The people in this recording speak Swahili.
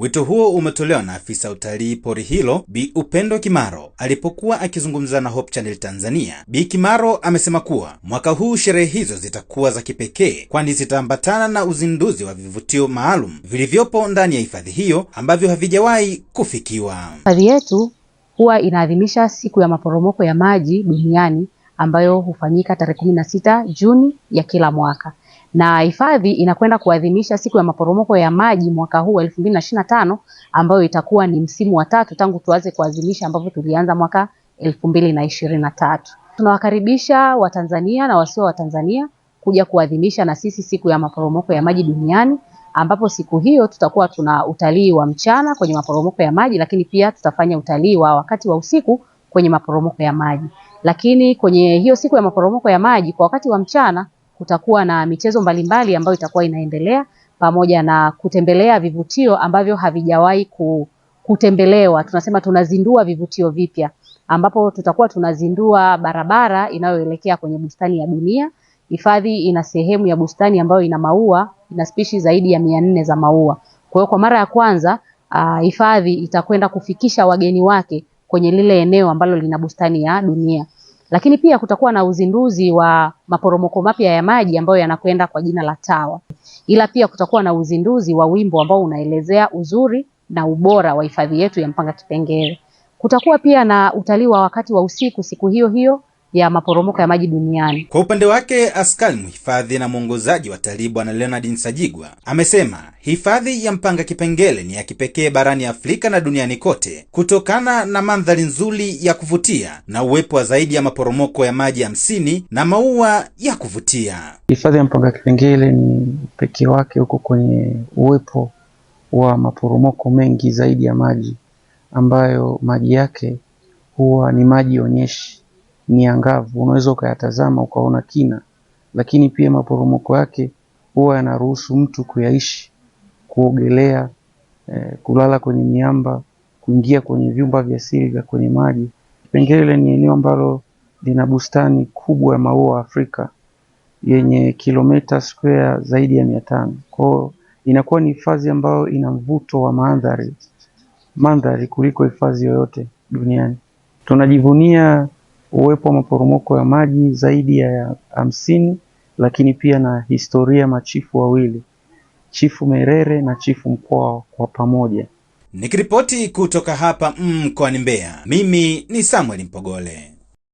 Wito huo umetolewa na afisa utalii pori hilo Bi Upendo Kimaro alipokuwa akizungumza na Hope Channel Tanzania. Bi Kimaro amesema kuwa mwaka huu sherehe hizo zitakuwa za kipekee, kwani zitaambatana na uzinduzi wa vivutio maalum vilivyopo ndani ya hifadhi hiyo ambavyo havijawahi kufikiwa. Hifadhi yetu huwa inaadhimisha siku ya maporomoko ya maji duniani ambayo hufanyika tarehe 16 Juni ya kila mwaka na hifadhi inakwenda kuadhimisha siku ya maporomoko ya maji mwaka huu wa mbili na tano ambayo itakuwa ni msimu wa tatu tangu tuanze kuadhimisha ambavyo tulianza mwaka elfu mbili na ishirini na tatu. Tunawakaribisha Watanzania na wasio Watanzania kuja kuadhimisha na sisi siku ya maporomoko ya maji duniani ambapo siku hiyo tutakuwa tuna utalii wa mchana kwenye maporomoko ya maji, lakini pia tutafanya utalii wa wakati wa usiku kwenye maporomoko ya maji. Lakini kwenye hiyo siku ya maporomoko ya maji kwa wakati wa mchana kutakuwa na michezo mbalimbali ambayo itakuwa inaendelea pamoja na kutembelea vivutio ambavyo havijawahi kutembelewa. Tunasema tunazindua vivutio vipya, ambapo tutakuwa tunazindua barabara inayoelekea kwenye bustani ya dunia. Hifadhi ina sehemu ya bustani ambayo ina maua, ina spishi zaidi ya mia nne za maua. Kwa hiyo kwa mara ya kwanza hifadhi uh, itakwenda kufikisha wageni wake kwenye lile eneo ambalo lina bustani ya dunia. Lakini pia kutakuwa na uzinduzi wa maporomoko mapya ya maji ambayo yanakwenda kwa jina la TAWA, ila pia kutakuwa na uzinduzi wa wimbo ambao unaelezea uzuri na ubora wa hifadhi yetu ya Mpanga Kipengere. Kutakuwa pia na utalii wa wakati wa usiku siku hiyo hiyo ya maporomoko ya maji duniani. Kwa upande wake, askari mhifadhi na mwongozaji wa watalii Bwana Leonard Nsajigwa amesema hifadhi ya Mpanga kipengele ni ya kipekee barani Afrika na duniani kote kutokana na mandhari nzuri ya kuvutia na uwepo wa zaidi ya maporomoko ya maji hamsini na maua ya kuvutia. Hifadhi ya Mpanga kipengele ni pekee wake huko kwenye uwepo wa maporomoko mengi zaidi ya maji ambayo maji yake huwa ni maji onyeshi ni angavu, unaweza ukayatazama ukaona kina, lakini pia maporomoko yake huwa yanaruhusu mtu kuyaishi, kuogelea, eh, kulala kwenye miamba, kuingia kwenye vyumba vya siri vya kwenye maji. kipengele ni eneo ambalo lina bustani kubwa ya maua Afrika yenye kilomita square zaidi ya mia tano. Kwao inakuwa ni hifadhi ambayo ina mvuto wa mandhari mandhari kuliko hifadhi yoyote duniani. Tunajivunia uwepo wa maporomoko ya maji zaidi ya hamsini lakini pia na historia machifu wawili Chifu Merere na Chifu Mkwawa kwa pamoja. Nikiripoti kutoka hapa mkoani mm, Mbeya, mimi ni Samuel Mpogole.